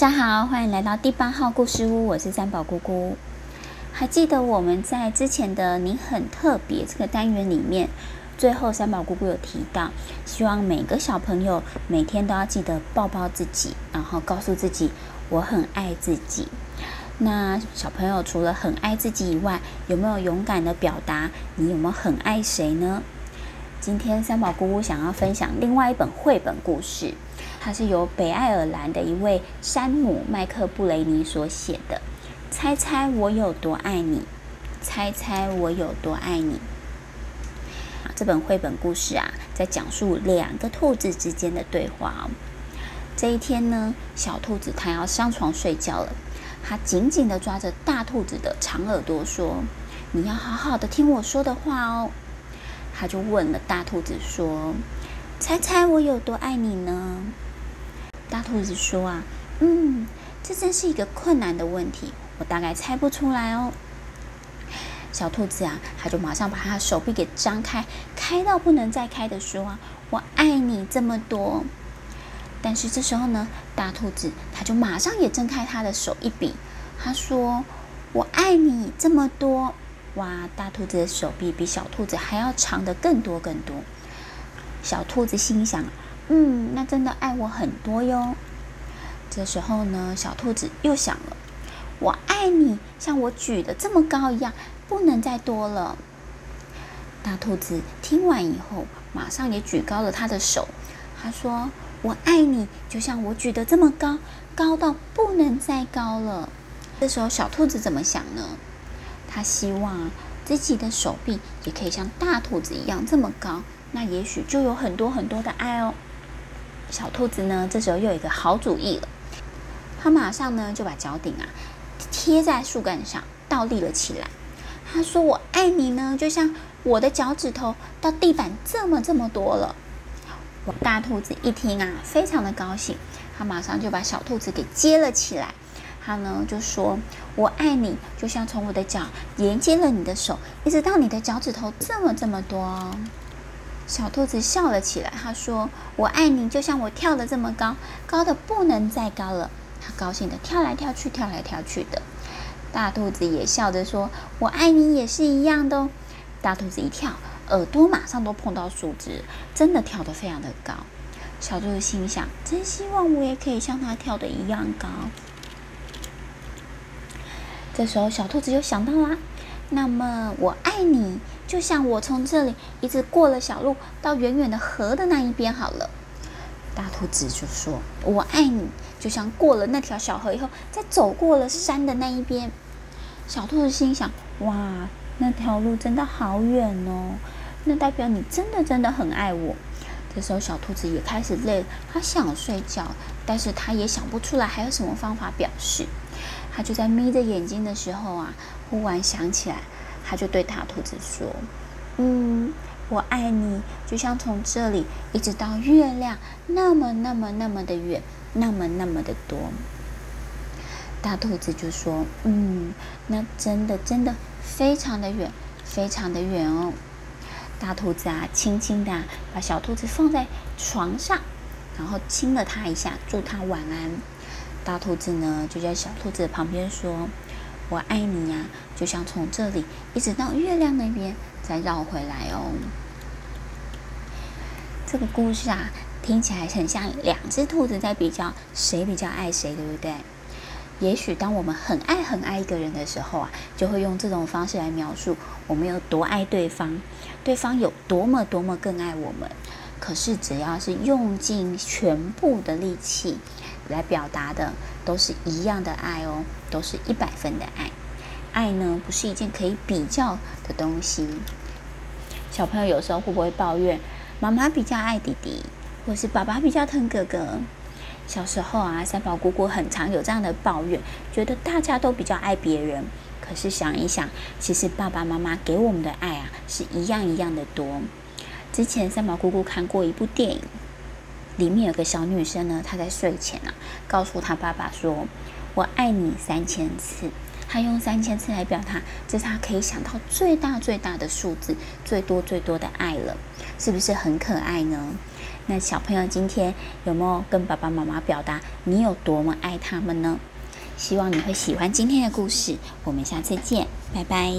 大家好，歡迎來到第八號故事屋，我是三寶菇菇。還記得我們在之前的“你很特別”這個單元裡面，最後三寶菇菇有提到，希望每個小朋友每天都要記得抱抱自己，然後告訴自己我很愛自己。那小朋友除了很愛自己以外，有沒有勇敢的表達你有沒有很愛誰呢？今天三寶菇菇想要分享另外一本繪本故事。它是由北愛爾蘭的一位山姆麥克布雷尼所寫的，《猜猜我有多愛你》。猜猜我有多愛你？這本繪本故事啊，在講述兩個兔子之間的對話哦。這一天呢，小兔子它要上床睡覺了，它緊緊的抓着大兔子的長耳朵說：“你要好好的聽我說的話哦。”他就問了大兔子說：“猜猜我有多愛你呢？”大兔子說：“啊，嗯，這真是一個困難的問題，我大概猜不出來哦。”小兔子啊，它就馬上把它手臂給張開，開到不能再開的時候啊，“我愛你這麼多。”但是這時候呢，大兔子它就馬上也睜開它的手一比，它說：“我愛你這麼多。”哇，大兔子的手臂比小兔子還要長得更多更多。小兔子心想，嗯，那真的愛我很多喲。這時候呢，小兔子又想了：“我愛你，像我舉得這麼高一樣，不能再多了。”大兔子聽完以後，馬上也舉高了他的手，他說：“我愛你，就像我舉得這麼高，高到不能再高了。”這時候，小兔子怎麼想呢？他希望自己的手臂也可以像大兔子一樣這麼高，那也許就有很多很多的愛哦。小兔子呢，這時候又有一個好主意了，它馬上呢就把腳頂啊貼在樹幹上倒立了起來。他說：“我愛你呢，就像我的腳趾頭到地板這麼這麼多了。”大兔子一聽啊，非常的高興，他馬上就把小兔子給接了起來。他呢就說：“我愛你，就像從我的腳連接了你的手，一直到你的腳趾頭這麼這麼多。”小兔子笑了起來，他說：“我愛你，就像我跳得這麼高，高得不能再高了。”他高興地跳來跳去，跳來跳去的。大兔子也笑着說：“我愛你也是一樣的哦。”大兔子一跳，耳朵馬上都碰到樹枝，真的跳得非常的高。小兔子心想：真希望我也可以像他跳的一樣高。這時候，小兔子又想到了啊。那麼我愛你，就像我從這裡一直過了小路，到遠遠的河的那一邊好了。大兔子就說：“我愛你，就像過了那條小河以後，再走過了山的那一邊。”小兔子心想：“哇，那條路真的好遠哦，那代表你真的真的很愛我。”這時候，小兔子也開始累了，它想睡覺，但是它也想不出來還有什麼方法表示。他就在眯着眼睛的時候啊，忽然想起來，他就對大兔子說：“嗯，我愛你，就像從這裡一直到月亮，那麼那麼那麼的遠，那麼那麼的多。”大兔子就說：“嗯，那真的真的非常的遠，非常的遠哦。”大兔子啊，輕輕的啊，把小兔子放在床上，然後親了他一下，祝他晚安。大兔子呢，就在小兔子旁邊說：“我愛你呀、啊！”就像從這裡一直到月亮那邊，再繞回來哦。這個故事啊，聽起來很像兩隻兔子在比較誰比較愛誰，對不對？也許當我們很愛很愛一個人的時候啊，就會用這種方式來描述我們有多愛對方，對方有多麼多麼更愛我們。可是，只要是用盡全部的力氣。來表達的都是一樣的愛哦，都是一百分的愛。愛呢，不是一件可以比較的東西。小朋友有時候會不會抱怨媽媽比較愛弟弟，或是爸爸比較疼哥哥？小時候啊，三寶菇菇很常有這樣的抱怨，覺得大家都比較愛別人。可是想一想，其實爸爸媽媽給我們的愛啊，是一樣一樣的多。之前三寶菇菇看過一部電影。裡面有個小女生呢，她在睡前啊，告訴她爸爸說：“我愛你三千次。”她用三千次來表達，這是她可以想到最大最大的數字，最多最多的愛了。是不是很可愛呢？那小朋友今天有沒有跟爸爸媽媽表達你有多麼愛他們呢？希望你會喜歡今天的故事，我們下次見，拜拜。